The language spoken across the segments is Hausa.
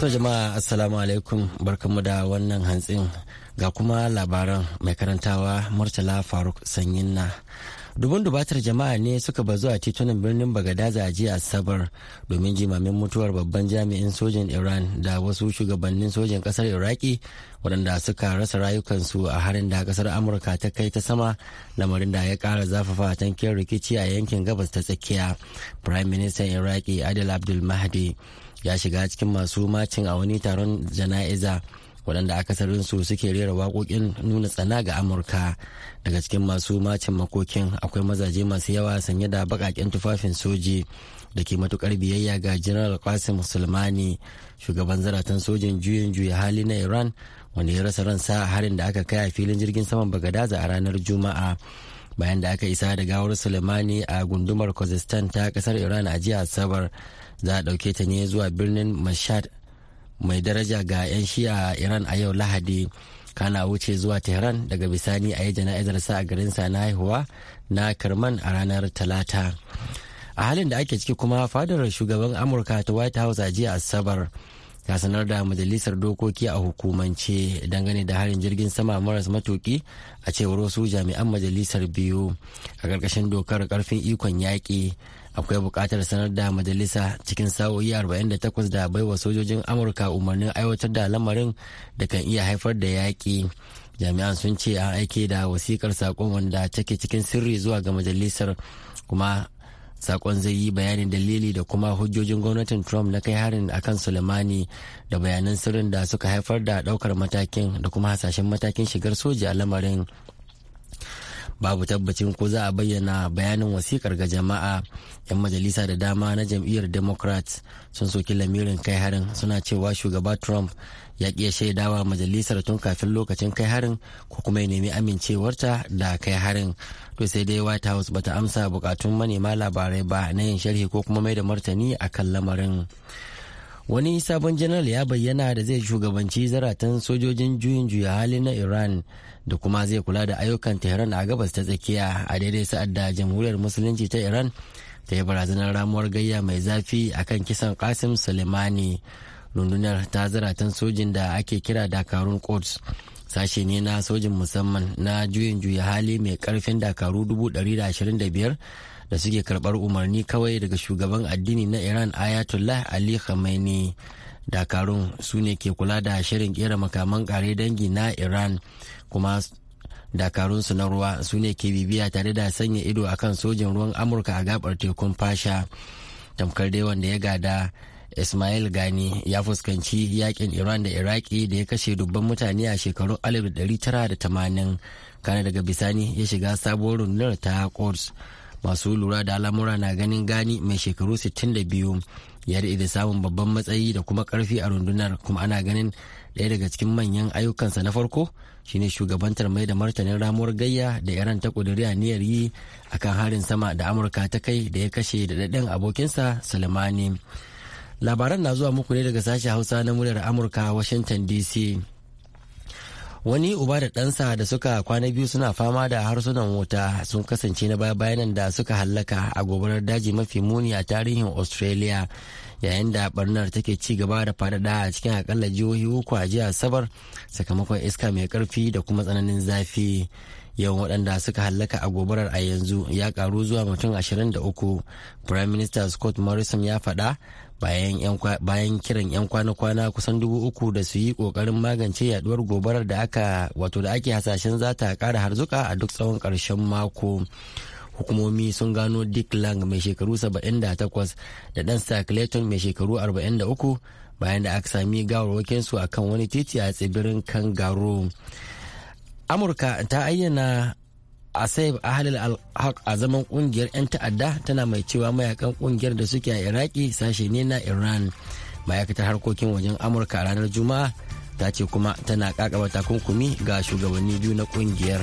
To jama'a assalamu alaikum barkamu da wannan hantsin ga kuma labaran mai karantawa Murtala Faruk na Dubun dubatar jama'a ne suka bazu a titunan birnin Bagadaza a jiya Asabar domin jimamin mutuwar babban jami'in sojin Iran da wasu shugabannin sojin kasar Iraki waɗanda suka rasa rayukansu a harin da kasar Amurka ta kai ta sama lamarin da ya ƙara zafafa tankin rikici a yankin gabas ta tsakiya. Prime Minister Iraki Adil Abdul Mahdi ya shiga cikin masu macin a wani taron jana'iza waɗanda akasarin su suke rera waƙoƙin nuna tsana ga amurka daga cikin masu macin makokin akwai mazaje masu yawa sanye da baƙaƙen tufafin soji da ke matuƙar biyayya ga general qasim musulmani shugaban zaratan sojin juyin juya hali na iran wanda ya rasa ransa harin da aka kai a filin jirgin saman bagadaza a ranar juma'a bayan da aka isa da gawar sulemani a gundumar kazakhstan ta kasar iran a jiya asabar za a ɗauke ta ne zuwa birnin mashad mai daraja ga 'yan shi'a iran a yau lahadi kana wuce zuwa tehran daga bisani a yi jana'izar sa a garin sa na haihuwa na karman a ranar talata a halin da ake ciki kuma fadar shugaban amurka ta white house a jiya asabar ta sanar da majalisar dokoki a hukumance dangane da harin jirgin sama maras matuki a cewar wasu jami'an majalisar biyu a ƙarƙashin dokar ƙarfin ikon yaƙi akwai bukatar sanar da majalisa cikin sa'o'i 48 da baiwa sojojin amurka umarnin aiwatar da lamarin da kan iya haifar da yaƙi jami'an sun ce an aike da wasikar saƙon wanda take cikin sirri zuwa ga majalisar kuma saƙon zai yi bayanin dalili da kuma hujjojin gwamnatin trump na kai harin akan sulemani da bayanan sirrin da suka haifar da ɗaukar matakin da kuma hasashen matakin shigar soja a lamarin babu tabbacin ko za a bayyana bayanin wasikar ga jama'a yan majalisa da dama na jam'iyyar democrats sun soki lamirin kai harin suna cewa shugaba trump ya ƙi shaidawa majalisar tun kafin lokacin kai harin ko kuma ya nemi amincewarta da kai harin to sai dai white house bata amsa bukatun manema labarai ba na yin sharhi ko kuma mai da martani akan lamarin wani sabon janar ya bayyana da zai shugabanci zaratan sojojin juyin juya hali na iran da kuma zai kula da ayyukan tehran a gabas ta tsakiya a daidai sa'ad da jamhuriyar musulunci ta iran ta yi barazanar ramuwar gayya mai zafi a kan kisan kasim suleimani rundunar ta zaratan sojin da ake kira dakarun quds sashe ne na sojin musamman na juyin juya hali mai karfin dakaru 125 da suke karbar umarni kawai daga shugaban addini na iran ayatollah ali khamenei dakarun su ne ke kula da shirin kera makaman kare dangi na iran kuma dakarunsu na ruwa su ne ke bibiya tare da sanya ido akan sojin ruwan amurka a gabar tekun fasha tamkar dai wanda ya gada ismail gani ya fuskanci yakin iran da iraki da ya kashe dubban mutane a shekarun 1980 kana daga bisani ya shiga sabuwar rundunar ta quds masu lura da al'amura na ganin gani mai shekaru 62 ya daɗe da samun babban matsayi da kuma karfi a rundunar kuma ana ganin ɗaya daga cikin manyan ayyukansa na farko shine shugabantar mai da martanin ramuwar gayya da iran ta ƙudiri niyar yi kan harin sama da amurka ta kai da ya kashe da daɗin abokinsa salimani labaran na zuwa muku ne daga sashen hausa na muryar amurka washington dc wani uba da ɗansa da suka kwana biyu suna fama da harsunan wuta sun kasance na baya bayanan da suka hallaka a gobarar daji mafi muni a tarihin australia yayin da barnar take ci gaba da faɗaɗa a cikin akalla jihohi uku a jiya sabar sakamakon iska mai ƙarfi da kuma tsananin zafi yawan waɗanda suka hallaka a gobarar a yanzu ya ƙaru zuwa mutum 23 prime minister scott morrison ya faɗa bayan kiran 'yan kwana-kwana kusan dubu uku da su yi kokarin magance yaduwar gobarar da aka wato da ake hasashen za ta kara harzuka a duk tsawon karshen mako hukumomi sun gano dick lang mai shekaru 78 da dan clayton mai shekaru 43 bayan da aka sami gawarwakin a akan wani titi a tsibirin kangaroo amurka ta ayyana a sai alhak alhaq a zaman kungiyar 'yan ta'adda tana mai cewa mayakan kungiyar da suke a iraki sashe ne na iran ma'aikatar harkokin wajen amurka ranar juma'a ta ce kuma tana kakaba takunkumi ga shugabanni biyu na kungiyar.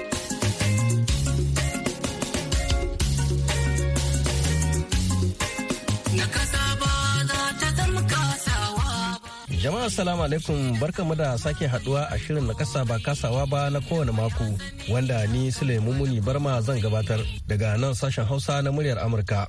Jama'a salamu alaikum barkamu da sake haduwa a shirin na kasa ba kasawa ba na kowane mako wanda ni Sule Mumuni Barma zan gabatar daga nan sashen Hausa na muryar Amurka.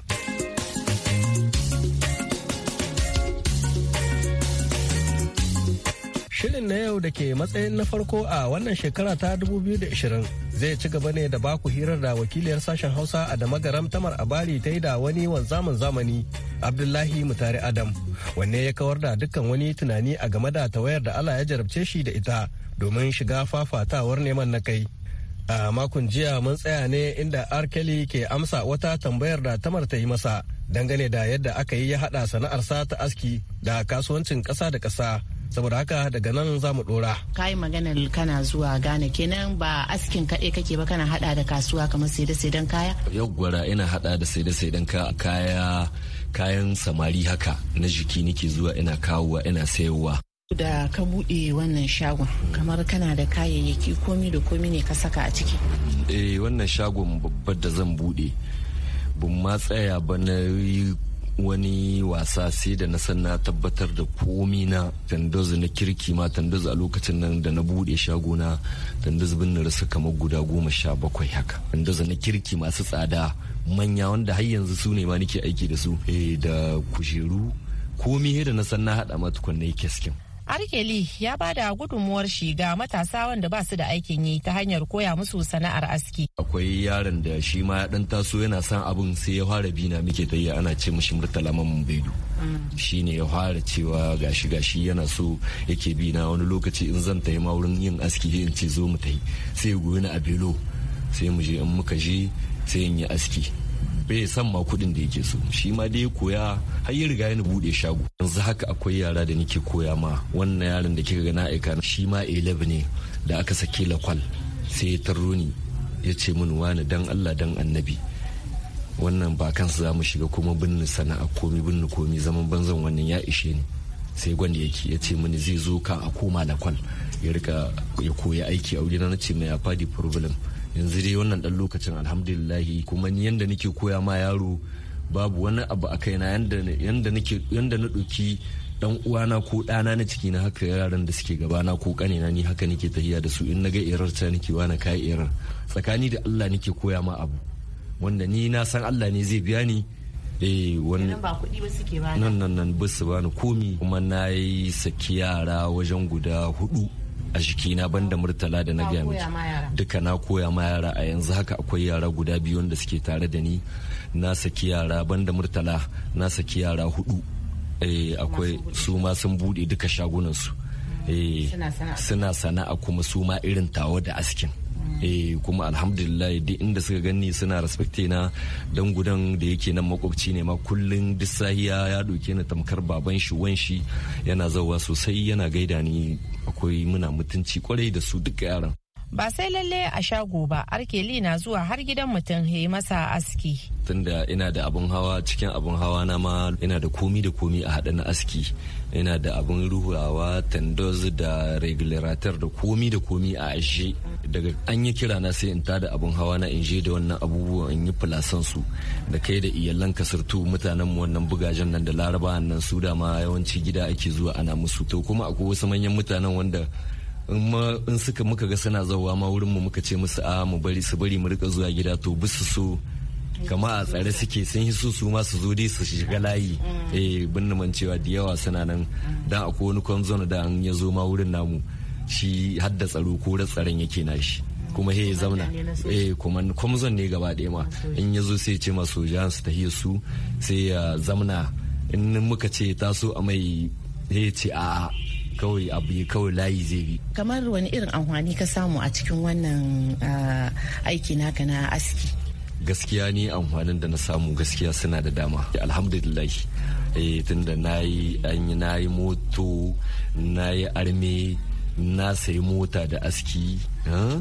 yau da ke matsayin na farko a wannan shekara ta 2020 zai ci gaba ne da baku hirar da wakiliyar sashen Hausa a da magaram tamar abari ta yi da wani wanzamin zamani Abdullahi Mutare Adam wanne ya kawar da dukkan wani tunani a game da tawayar da Allah ya jarabce shi da ita domin shiga fafatawar neman na kai. a makon jiya mun tsaya ne inda arkeli ke amsa wata tambayar da tamar ta yi masa dangane da yadda aka yi ya haɗa sana'arsa ta aski da kasuwancin ƙasa da kasa saboda haka daga nan za mu dora kai maganar kana zuwa Ghana kenan ba askin kaɗai kake ba kana hada da kasuwa kamar saida saidan kaya yau gwara ina hada da saida saidan kaya kayan samari haka na jiki nake zuwa ina kawowa ina sayowa. da ka buɗe wannan shagon kamar kana da kayayyaki komi da komi ne ka saka a ciki eh wannan shagon babbar da zan buɗe ban ma tsaya ba na wani wasa sai da na san na tabbatar da komi na tandoz na kirki ma tandoz a lokacin nan da na buɗe shagona tandoz bin na rasa kamar guda goma sha bakwai haka tandoz na kirki masu tsada manya wanda har yanzu su ne ma nake aiki da su eh, da kujeru komi da na san na haɗa ma tukunna yake Arkeli ya ba da gudunmuwar shi ga matasa wanda ba su da aikin yi ta hanyar koya musu sana'ar aski. Akwai yaron da shi ma ya dan taso yana son abin sai ya fara bina muke ta ana ce mishi murtala man baidu. Mm. Shi ne ya fara cewa gashi gashi yana so yake bina wani lokaci in zan tayi ma wurin yin aski in ce zo mu tayi sai ya goyi na a belo sai mu je in muka je sai in yi aski. bai san ma kuɗin da yake so shi ma dai koya har ya riga yana buɗe shago yanzu haka akwai yara da nake koya ma wannan yaron da kika ga na aika shi ma a ne da aka sake lakwal sai ya tarro ni ya ce min wani dan Allah dan annabi wannan ba kansa za mu shiga kuma binni sana'a komi binni komi zaman banzan wannan ya ishe ni sai gwanda yake ya ce mini zai zo ka a koma lakwal ya rika ya koya aiki a wuri na ce mai ya fadi problem yanzu dai wannan dan lokacin alhamdulillahi kuma ni yanda nake koya ma yaro babu wani abu a kaina yanda nake yanda na ɗauki dan uwana ko ɗana na ciki na haka yaran da suke gabana ko ƙanina ni haka nake tahiya da su in na ga irar ta nake wani kai irar tsakani da Allah nake koya ma abu wanda ni na san Allah ne zai biya ni eh wani ba kuɗi ba suke bani nan nan nan ba bani komi kuma na yi saki yara wajen guda hudu a jikina banda murtala da na gaya miki duka na koya ma yara a yanzu haka akwai yara guda biyu wanda suke tare da ni na saki yara banda murtala na saki yara hudu eh, akwai su ma sun bude duka shagunansu mm. eh, suna sana'a kuma su ma irin tawo da askin eh kuma alhamdulillah duk inda suka gani suna respecte na dan gudan da yake nan makwabci ne ma kullun duk ya doke ni tamkar baban shi wan shi yana zauwa sosai yana gaida ni akwai muna mutunci kwarai da su duka yaran ba sai lalle a shago ba arkeli na zuwa har gidan mutum ya masa aski tunda ina da abun hawa cikin abun hawa na ma ina da komi da komi a haɗe na aski ina da abun ruhawa tandoz da regulator da komi da komi a ashe daga an yi kira na sai in ta da abun hawa na in je da wannan abubuwan in yi filasan su da kai da iyalan kasartu mutanen mu wannan bugajen nan da laraba nan su da ma yawanci gida ake zuwa ana musu to kuma akwai wasu manyan mutanen wanda in suka muka ga suna zauwa ma wurin mu muka ce musu a mu bari su bari mu rika zuwa gida to bisu so kama a tsare suke sun yi su ma su zo dai su shiga layi mm. eh bin man cewa da yawa suna nan dan akwai wani konzon da an ya zo ma wurin namu shi hadda tsaro ko tsaron yake na shi kuma he zauna eh kuma kwamzon ne gaba ɗaya ma in ya zo sai ce ma sojan su tahiya su sai ya zamna in muka ce taso a mai he ce a kawai abu ya kawai layi zai bi kamar wani irin amfani ka samu a cikin wannan ah, aiki naka na aski gaskiya ni amfanin da na samu gaskiya suna da dama alhamdulillah eh tunda na yi na yi moto na yi arme na sayi mota da aski ah.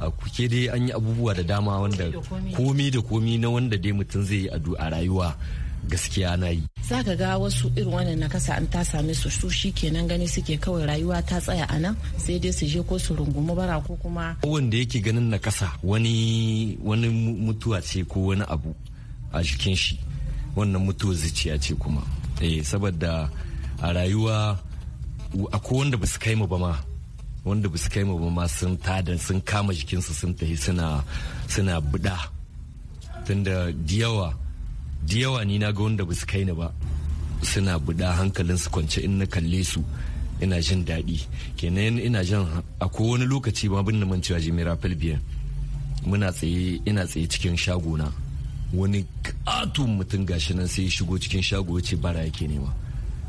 a kuke dai an yi abubuwa da dama wanda komi da komi na wanda dai mutum zai yi a rayuwa gaskiya na yi za ka ga wasu irin wannan nakasa an ta same su su shi kenan gani suke kawai rayuwa ta tsaya a nan sai dai su je ko su rungumi bara ko kuma wanda yake ganin nakasa wani wani mutuwa ce ko wani abu a jikin shi wannan mutuwa zuciya ce kuma eh saboda a rayuwa akwai wanda ba su kai mu ba ma wanda ba su kai mu ba ma sun tada sun kama jikinsu sun tafi suna suna buda tunda da yawa da yawa ni na ga wanda basu kai ni ba suna buɗa hankalin su kwance in na kalle su ina jin daɗi kenan ina jin akwai wani lokaci ma bin man cewa jimira filbiyan muna tsaye ina tsaye cikin shagona wani ƙatun mutum gashi nan sai ya shigo cikin shago ce bara yake nema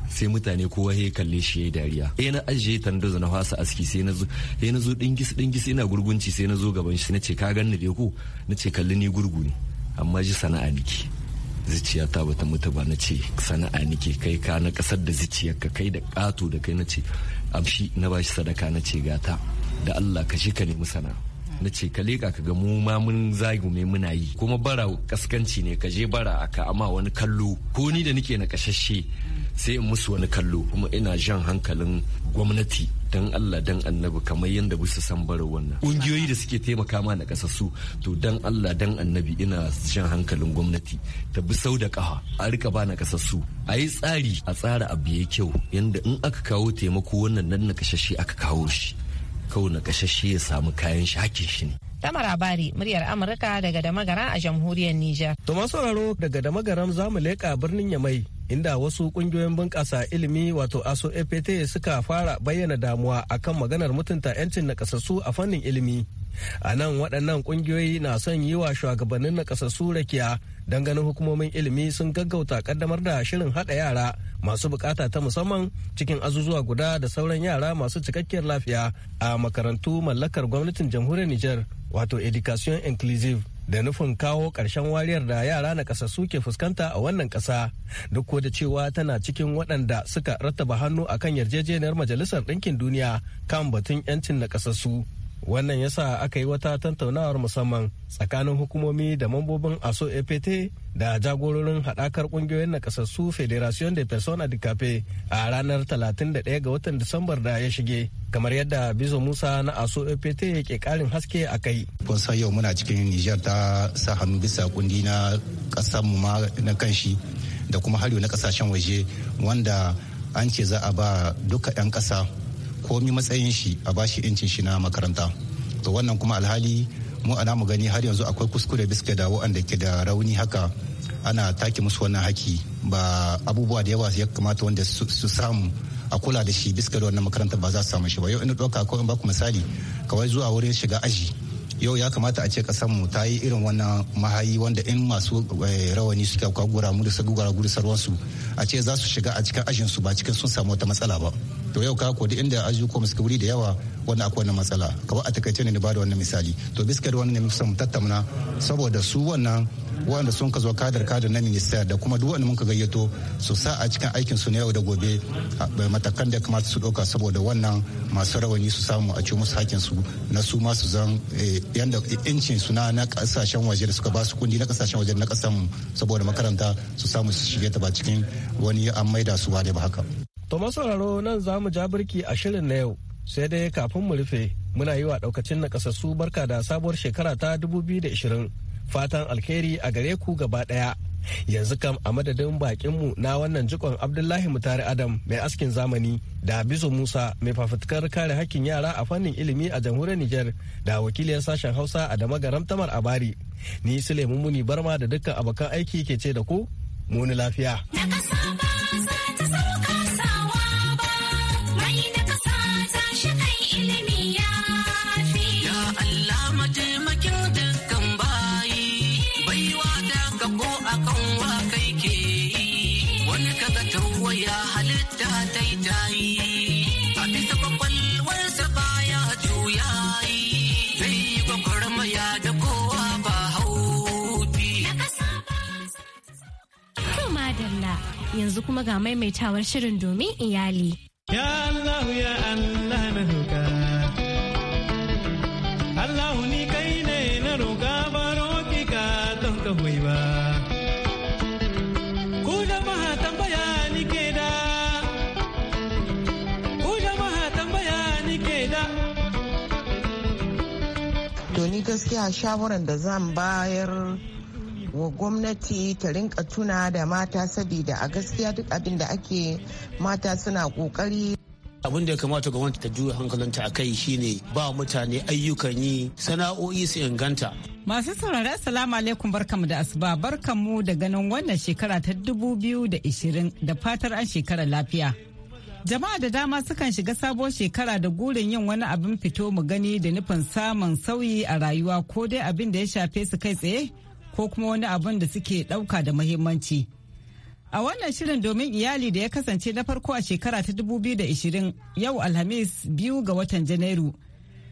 sai mutane kowa ya kalle shi ya dariya eh na ajiye tandaza na fasa aski sai na zo na zo dingis dingis ina gurgunci sai na zo gaban shi na ce ka ganni dai ko na ce kalli ni gurgu ne amma ji sana'a niki zuciya ta bata mutu ba na ce sana'a nake kai ka na kasar da zuciyar ka kai da ƙato da kai na ce amshi na bashi sadaka na ce gata da Allah ka shi ka nemi sana'a na ce ka leƙa ka ga mu ma mun zagume muna yi kuma bara kaskanci ne ka je bara aka amma wani kallo ko ni da nake na kashashe sai in musu wani kallo kuma ina jan hankalin gwamnati dan Allah dan annabi kamar yadda bisa san barin wannan ƙungiyoyi da suke taimaka ma na su to dan Allah dan annabi ina shan hankalin gwamnati ta bi sau da ƙafa a rika ba na su a yi tsari a tsara abu ya kyau yadda in aka kawo taimako wannan nan na kashashe aka kawo shi kawo na kashashe ya samu kayan shi hakin shi ne Tamar Abari, muryar Amurka daga damagara a jamhuriyar Nijar. To masu daga Damagaram zamu mu leƙa birnin Yamai inda wasu kungiyoyin bunƙasa ilimi wato aso apt suka fara bayyana damuwa akan maganar mutunta 'yancin nakasassu a fannin ilimi a nan waɗannan ƙungiyoyi na son yi wa shugabannin nakasassu rakiya don ganin hukumomin ilimi sun gaggauta kaddamar da shirin haɗa yara masu bukata ta musamman cikin azuzuwa guda da sauran yara masu cikakkiyar lafiya a makarantu mallakar gwamnatin jamhuriyar niger wato education inclusive da nufin kawo ƙarshen wariyar da yara na ƙasa suke fuskanta a wannan ƙasa duk da cewa tana cikin waɗanda suka rattaba hannu akan yarjejeniyar majalisar ɗinkin duniya kan batun 'yancin na su wannan yasa aka yi wata tantaunawar musamman tsakanin hukumomi da mambobin aso apt da jagororin haɗakar ƙungiyoyin nakasassu federation de persona de cape a ranar 31 ga watan disambar da ya shige kamar yadda bizo musa na aso apt ke ƙarin haske a kai kun yau muna cikin nijar ta sa hannu bisa kundi na ƙasar mu na kanshi da kuma har na ƙasashen waje wanda an ce za a ba duka 'yan ƙasa komi matsayin shi a bashi incin shi na makaranta to wannan kuma alhali mu ana mu gani har yanzu akwai kuskure biske da wanda ke da rauni haka ana take musu wannan haki ba abubuwa da yawa ya kamata wanda su samu a kula da shi biska da wannan makarantar ba za su samu shi ba yau ina ɗauka ko in baku misali kawai zuwa wurin shiga aji yau ya kamata a ce mu ta yi irin wannan mahayi wanda in masu eh, rawani suka kwagura mu da su gura gudisarwarsu a ce za su shiga a cikin ajinsu ba cikin sun samu wata matsala ba to yau ka ko a inda ajujuwa suka wuri da yawa wannan akwai wannan matsala kaba a takaice ne da wannan misali to bisa da wannan ne musamman tattauna saboda su wannan wanda sun ka zo kadar kadar na minister da kuma duk wanda ka gayyato su sa a cikin aikin su na yau da gobe matakan da kamata su dauka saboda wannan masu rawani su samu a ci musu hakkin su na su ma su zan eh, yanda incin su na na kasashen waje da suka ba su kundi na kasashen waje na kasan saboda makaranta su samu su shige ta ba cikin wani an maida su ba da ba haka To sauraro nan za mu ja birki a shirin na yau sai dai kafin mu rufe muna yi wa daukacin na kasassu barka da sabuwar shekara ta 2020 fatan alheri a gare ku gaba daya. yanzu kam a madadin bakinmu na wannan jikon abdullahi mutare adam mai askin zamani da bizo musa mai fafutukar kare hakkin yara a fannin ilimi a jamhuriyar niger da wakiliyar sashen hausa a dama garamtamar a bari ni su muni barma da dukkan abokan aiki ke ce da ku muni lafiya akan wa ke yi wani kaga tawaya halitta ta yi ta yi a bisa kwakwalwarsa baya juya yi zai yi da kowa ba haufi. To madalla yanzu kuma ga maimaitawar shirin domin iyali. Ya Allah ya Allah na gaskiya shawaran da zan bayar wa gwamnati ta rinka tuna da mata sabida a gaskiya duk abin da ake mata suna kokari abin da ya kamata gwamnati ta juya hankalinta a kai shine ba mutane ayyukan yi sana'o'i su inganta masu saurari assalamu alaikum barkamu da asuba barkamu da ganin wannan shekara ta 2020 da fatar an shekara lafiya Jama'a da dama sukan shiga sabuwar shekara da gurin yin wani abin fito mu gani da nufin samun sauyi a rayuwa ko dai abin da ya shafe su kai tsaye ko kuma wani abin da suke ɗauka da muhimmanci. A wannan shirin domin iyali da ya kasance na farko a shekara ta 2020 yau Alhamis biyu ga watan Janairu.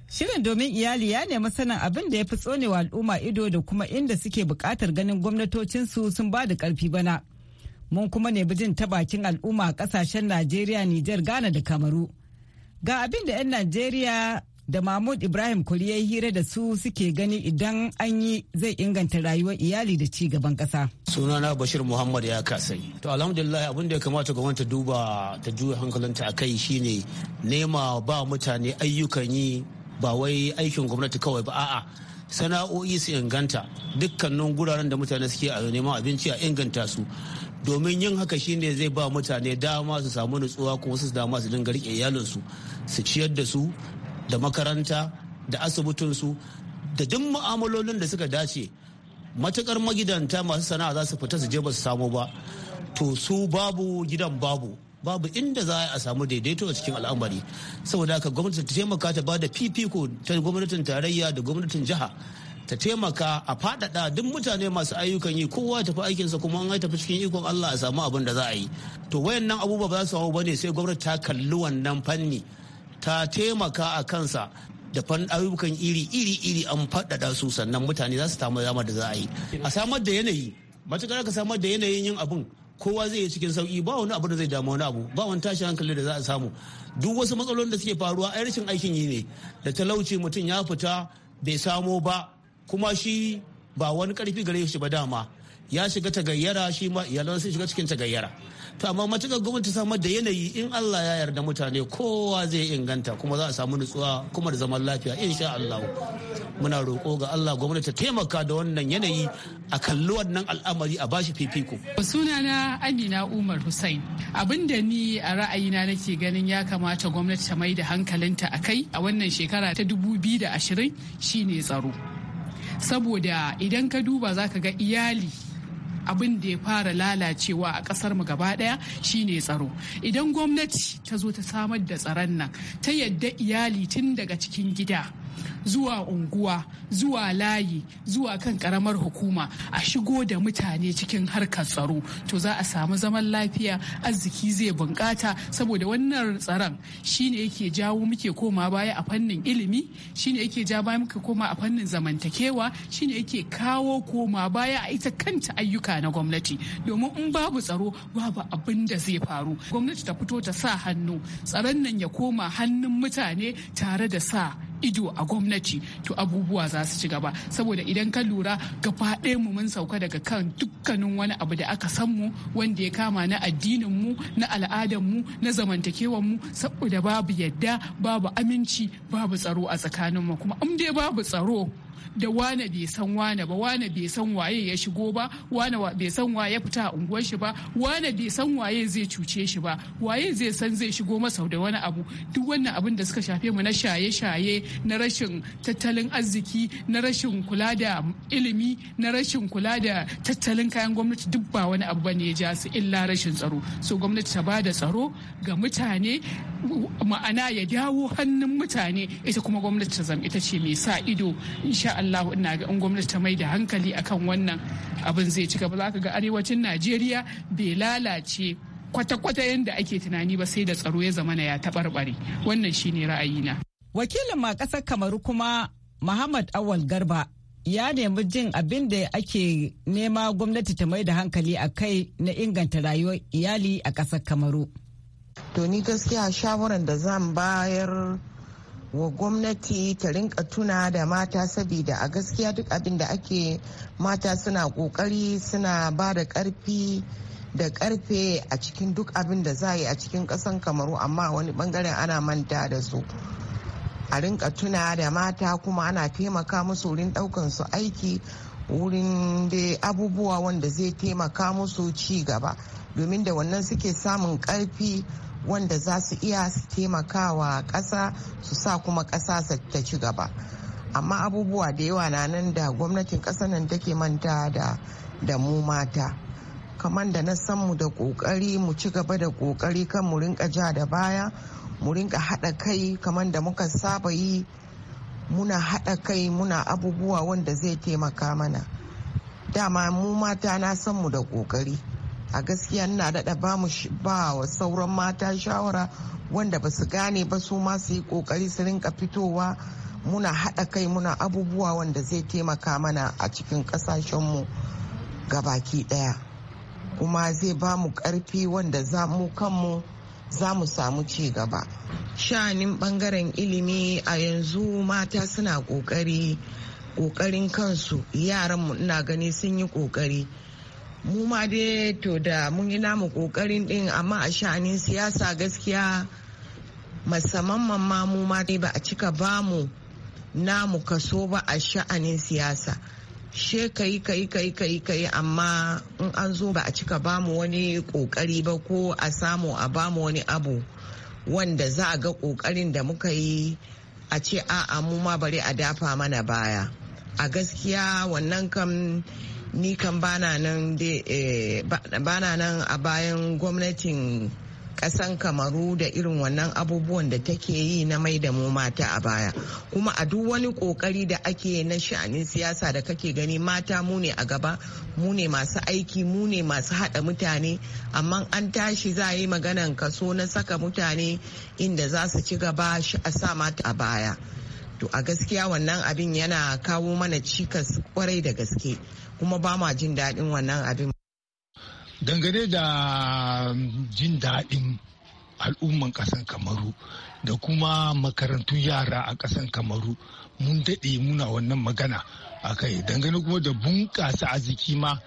Shirin domin iyali ya nemi sanin abin da ya fi tsonewa al'umma ido da kuma inda suke buƙatar ganin gwamnatocinsu sun ba da ƙarfi bana. mun kuma nemi jin ta bakin al'umma a kasashen Najeriya, Nijar, Ghana da Kamaru. Ga abin da 'yan Najeriya da Mahmud Ibrahim Kuri ya hira da su suke gani idan an yi zai inganta rayuwar iyali da ci gaban ƙasa. Sunana Bashir Muhammad ya kasai. To alhamdulillah abin da ya kamata gwamnati ta duba ta juya hankalinta a kai shine nema ba mutane ayyukan yi ba wai aikin gwamnati kawai ba a'a sana'o'i su inganta dukkanin guraren da mutane suke a neman abinci a inganta su domin yin haka shine zai ba mutane dama su samu nutsuwa kuma su dama su dinga rike iyalinsu su ciyar da su da makaranta da asibitinsu da duk mu'amalolin da suka dace matukar magidanta masu sana'a za su fita su je ba su samu ba to su babu gidan babu babu inda za a samu daidaito a cikin al'amari saboda haka gwamnati ta taimaka ta ba da fifiko ta gwamnatin tarayya da gwamnatin jiha ta taimaka a fadada duk mutane masu ayyukan yi kowa ta tafi aikinsa kuma an tafi cikin ikon Allah a samu abin da za a yi to wayannan abubuwa ba za su hau ne sai gwamnati ta kalli wannan fanni ta taimaka a kansa da fan ayyukan iri iri iri an fadada su sannan mutane za su samu dama da za a yi a samar da yanayi matukar ka samar da yanayin yin abun. kowa zai yi cikin sauki ba wani abu da zai damu wani abu ba wani tashin hankali da za a samu duk wasu matsalolin da suke faruwa a rashin aikin yi ne da talauci mutum ya fita bai samo ba kuma shi ba wani karfi gare shi ba dama ya shiga tagayyara shi ma iyalan sun shiga cikin tagayyara to amma matuƙar gwamnati samar da yanayi in Allah ya yarda mutane kowa zai inganta kuma za a samu nutsuwa kuma da zaman lafiya insha Allah muna roƙo ga Allah gwamnati ta taimaka da wannan yanayi a kalli wannan al'amari a bashi fifiko sunana Amina Umar Hussein abinda ni a ra'ayina nake ganin ya kamata gwamnati ta mai da hankalinta a kai a wannan shekara ta 2020 shine tsaro saboda idan ka duba zaka ga iyali abin da ya fara lalacewa a kasar mu gaba daya shine tsaro idan gwamnati ta zo ta samar da tsaron nan ta yadda iyali tun daga cikin gida zuwa unguwa zuwa layi zuwa kan karamar hukuma a shigo da mutane cikin harkar tsaro to za a samu zaman lafiya arziki zai bunƙata saboda wannan tsaron shine yake jawo muke koma baya a fannin ilimi shine yake ja baya muke koma a fannin zamantakewa shine yake kawo koma baya a ita kanta ayyuka na gwamnati domin in babu tsaro babu abin da zai faru gwamnati ta fito ta sa hannu tsaron nan ya koma hannun mutane tare da sa ido a gwamnati to abubuwa za su ci gaba saboda idan ka lura ga faɗe mu mun sauka daga kan dukkanin wani abu da aka san mu wanda ya kama na addinin mu na al'adar mu na zamantakewar mu saboda babu yadda babu aminci babu tsaro a tsakanin mu kuma in dai babu tsaro da wane bai san wane ba wane bai san waye ya shigo ba wane bai san waye fita a unguwar shi ba wane bai san waye zai cuce shi ba waye zai san zai shigo masa da wani abu duk wannan abin da suka shafe mu na shaye-shaye na rashin tattalin arziki na rashin kula da ilimi na rashin kula da tattalin kayan gwamnati duk ba wani abu bane ya ja su illa rashin tsaro so gwamnati ta bada tsaro ga mutane ma'ana ya dawo hannun mutane ita kuma gwamnati ta zama ita ce mai sa ido insha Allah ina ga in gwamnati ta mai da hankali akan wannan abin zai ci gaba za ka ga arewacin Najeriya bai lalace kwata-kwata yadda ake tunani ba sai da tsaro ya zama ya taɓarɓare wannan shine ra'ayina. Wakilin ma ƙasar Kamaru kuma Muhammad Awal Garba ya nemi jin abin da ake nema gwamnati ta mai da hankali a kai na inganta rayuwar iyali a ƙasar Kamaru. To ni gaskiya shawaran da zan bayar wa gwamnati ta rinka tuna da mata saboda a gaskiya duk abin da ake mata suna kokari suna ba da karfi da karfe a cikin duk abin da za yi a cikin kasan kamaru amma wani bangaren ana manta da su a rinka tuna da mata kuma ana taimaka musu wurin daukan su aiki wurin da abubuwa wanda zai taimaka musu ci gaba domin da wannan suke samun karfi wanda za su iya su taimakawa ƙasa su sa kuma ƙasa ta ci gaba amma abubuwa da yawa na nan da gwamnatin kasa nan take manta da da mu mata kamar da na san mu da ƙoƙari mu ci gaba da ƙoƙari kan mu rinka ja da baya mu rinka haɗa kai kamar da muka saba yi muna haɗa kai muna abubuwa wanda zai taimaka mana dama mu mata na san mu da ƙoƙari a gaskiya nina dada ba mu ba wa sauran mata shawara wanda ba su gane ba su ma su yi kokari su rinka fitowa muna haɗa kai muna abubuwa wanda zai taimaka mana a cikin ƙasashenmu baki ɗaya kuma zai ba mu ƙarfi wanda za mu kanmu za mu samu ci gaba sha'anin ɓangaren ilimi a yanzu mata suna ƙoƙari ƙoƙarin kansu yaranmu ina gani sun yi ƙoƙari mu ma dai to da mun yi namu kokarin din amma a sha'anin siyasa gaskiya musamman ma mu ma dai ba a cika bamu namu kaso ba a sha'anin siyasa she kai kai kai kai amma in an zo ba a cika bamu wani kokari ba ko a samu a bamu wani abu wanda za a ga kokarin da muka yi a ce a'a mu ma bari a dafa mana baya a gaskiya wannan kam ni kan eh, bana nan a bayan gwamnatin kasan kamaru da irin wannan abubuwan da take yi na mai da mu mata a baya kuma a duk wani kokari da ake na sha'anin siyasa da kake gani mata mu ne a gaba mu ne masu aiki mu ne masu hada mutane amma an tashi za a yi maganan kaso na saka mutane inda za su ci gaba a sa mata a baya to a gaskiya wannan abin yana kawo mana cikas kwarai da gaske kuma ba ma jin daɗin wannan abin. Dangane da jin daɗin al'umman ƙasan kamaru da kuma makarantun yara a ƙasan kamaru mun daɗe muna wannan magana a kai dangane kuma da bunƙasa arziki ma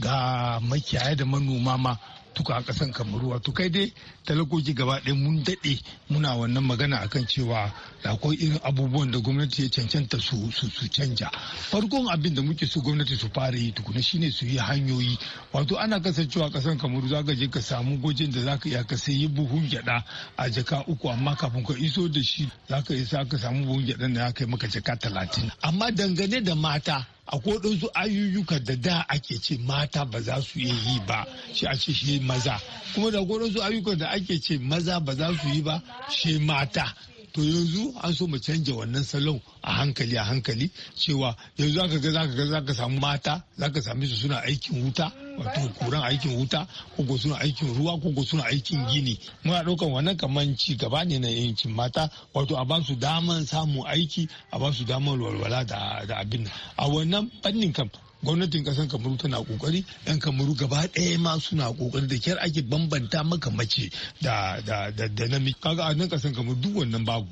ga makiyaya da manoma ma tuka a kasan kamaru wato kai dai talakoki gaba ɗaya mun daɗe muna wannan magana akan cewa akwai irin abubuwan da gwamnati ya cancanta su su canja farkon abin da muke so gwamnati su fara yi tukuna shine su yi hanyoyi wato ana kasancewa kasan kamaru za ka je ka samu gojin da za ka iya ka sayi buhun gyaɗa a jaka uku amma kafin ka iso da shi za ka isa ka samu buhun gyaɗa da ya kai maka jaka talatin amma dangane da mata akwai su ayyuka da da ake ce mata ba za su yi yi ba shi a ce shi maza kuma da akwai su ayyukan da ake ce maza ba za su yi ba shi mata to yanzu an so mu canja wannan salon a hankali a hankali cewa yanzu zaka ga zaka ga zaka samu mata zaka sami su suna aikin wuta wato kuran aikin wuta ko suna aikin ruwa ko suna aikin gini muna ɗaukan wannan kaman ci gaba ne na yancin mata wato a ba su daman samun aiki a ba su daman walwala da abin a wannan fannin kam gwamnatin kasan kamaru tana kokari yan kamaru gaba ɗaya ma suna kokari da kyar ake bambanta maka mace da da da da namiji kaga a nan kasan kamaru duk wannan babu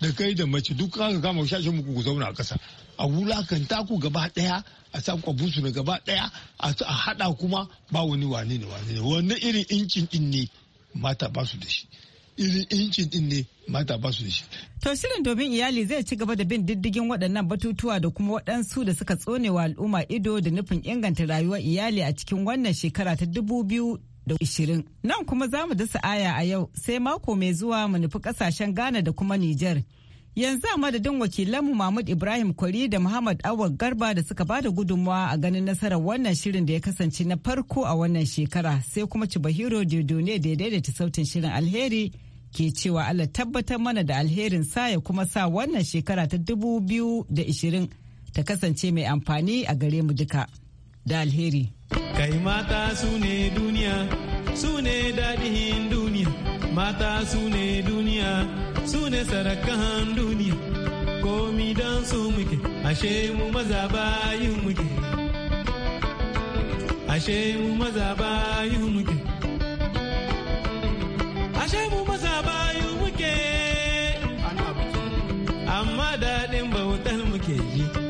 da kai da mace duk kaga kama shashin muku ku zauna a kasa a wulakanta taku gaba ɗaya a sa kwabunsu na gaba ɗaya a haɗa kuma ba wani wane ne wane ne wannan irin incin din ne mata ba su da shi irin incin din ne mata ba su shi. To shirin domin iyali zai ci gaba da bin diddigin waɗannan batutuwa da kuma waɗansu da suka tsone wa al'umma ido da nufin inganta rayuwar iyali a cikin wannan shekara ta dubu biyu da ishirin. Nan kuma za mu dasa aya a yau sai mako mai zuwa mu nufi ƙasashen Ghana da kuma Nijar. Yanzu a madadin wakilanmu Mahmud Ibrahim Kwari da Muhammad Awar Garba da suka bada gudunmawa a ganin nasarar wannan shirin da ya kasance na farko a wannan shekara sai kuma Cibahiro Diodo da ya daidaita sautin shirin alheri. ke cewa Allah tabbatar mana da alherin sa ya kuma sa wannan shekara ta 2020 ta kasance mai amfani a gare mu duka da alheri. Kai mata su ne duniya, su ne daɗin duniya, mata su ne duniya, su ne sarakan duniya, komi don su muke, ashe mu maza bayin muke, ashe mu maza bayin muke.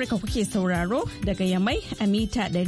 Afirka kuke sauraro daga Yamai a mita